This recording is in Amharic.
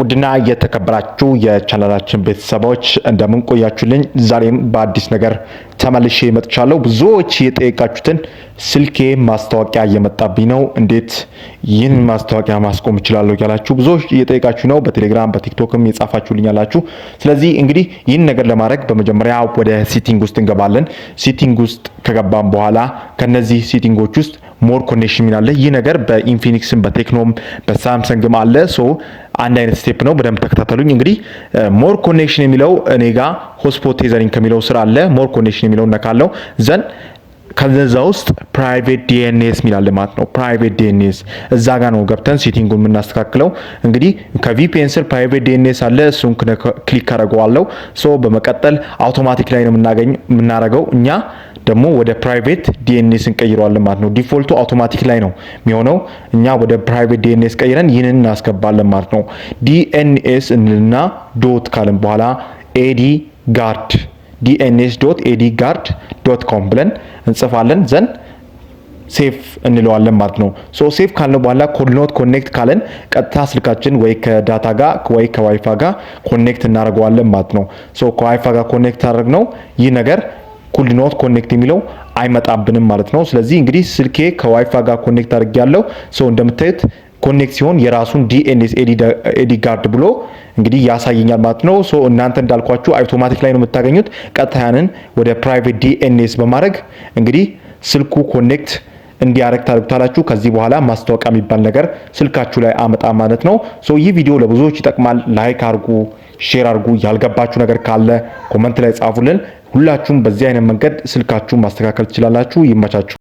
ውድና እየተከበራችሁ የቻናላችን ቤተሰቦች እንደምን ቆያችሁልኝ? ዛሬም በአዲስ ነገር ተመልሼ መጥቻለሁ። ብዙዎች የጠየቃችሁትን ስልኬ ማስታወቂያ እየመጣብኝ ነው፣ እንዴት ይህን ማስታወቂያ ማስቆም እችላለሁ እያላችሁ ብዙዎች እየጠየቃችሁ ነው። በቴሌግራም በቲክቶክም የጻፋችሁልኝ ያላችሁ። ስለዚህ እንግዲህ ይህን ነገር ለማድረግ በመጀመሪያ ወደ ሲቲንግ ውስጥ እንገባለን። ሲቲንግ ውስጥ ከገባም በኋላ ከነዚህ ሲቲንጎች ውስጥ ሞር ኮኔክሽን ሚናለ ይህ ነገር በኢንፊኒክስም በቴክኖም በሳምሰንግም አለ ሶ አንድ አይነት ስቴፕ ነው። በደንብ ተከታተሉኝ። እንግዲህ ሞር ኮኔክሽን የሚለው እኔ ጋ ሆትስፖት ቴዘሪንግ ከሚለው ስራ አለ። ሞር ኮኔክሽን የሚለው እነካለው ዘን ከዛ ውስጥ ፕራይቬት ዲኤንኤስ የሚላለ ማለት ነው። ፕራይቬት ዲኤንኤስ እዛ ጋር ነው ገብተን ሴቲንጉን የምናስተካክለው። እንግዲህ ከቪፒኤን ስር ፕራይቬት ዲኤንኤስ አለ። እሱን ክሊክ ካደረገዋለው ሶ በመቀጠል አውቶማቲክ ላይ ነው የምናረገው እኛ ደግሞ ወደ ፕራይቬት ዲኤንኤስ እንቀይረዋለን ማለት ነው። ዲፎልቱ አውቶማቲክ ላይ ነው የሚሆነው። እኛ ወደ ፕራይቬት ዲኤንኤስ ቀይረን ይህንን እናስገባለን ማለት ነው። ዲኤንኤስ እንልና ዶት ካልን በኋላ ኤዲ ጋርድ ዲኤንኤስ ዶት ኤዲ ጋርድ ዶት ኮም ብለን እንጽፋለን ዘን ሴፍ እንለዋለን ማለት ነው። ሶ ሴፍ ካልነው በኋላ ኮድኖት ኮኔክት ካለን ቀጥታ ስልካችን ወይ ከዳታ ጋር ወይ ከዋይፋ ጋር ኮኔክት እናደርገዋለን ማለት ነው። ሶ ከዋይፋ ጋር ኮኔክት አደረግ ነው ይህ ነገር ኮድኖት ኮኔክት የሚለው አይመጣብንም ማለት ነው። ስለዚህ እንግዲህ ስልኬ ከዋይፋ ጋር ኮኔክት አድርጌ ያለው ሰው እንደምታዩት ኮኔክት ሲሆን የራሱን ዲኤንኤስ ኤዲ ጋርድ ብሎ እንግዲህ ያሳየኛል ማለት ነው። ሶ እናንተ እንዳልኳችሁ አውቶማቲክ ላይ ነው የምታገኙት። ቀጥታ ያንን ወደ ፕራይቬት ዲኤንኤስ በማድረግ እንግዲህ ስልኩ ኮኔክት እንዲያረግ ታደርጉታላችሁ። ከዚህ በኋላ ማስታወቂያ የሚባል ነገር ስልካችሁ ላይ አመጣ ማለት ነው። ሶ ይህ ቪዲዮ ለብዙዎች ይጠቅማል። ላይክ አድርጉ፣ ሼር አድርጉ። ያልገባችሁ ነገር ካለ ኮመንት ላይ ጻፉልን። ሁላችሁም በዚህ አይነት መንገድ ስልካችሁን ማስተካከል ትችላላችሁ። ይመቻችሁ።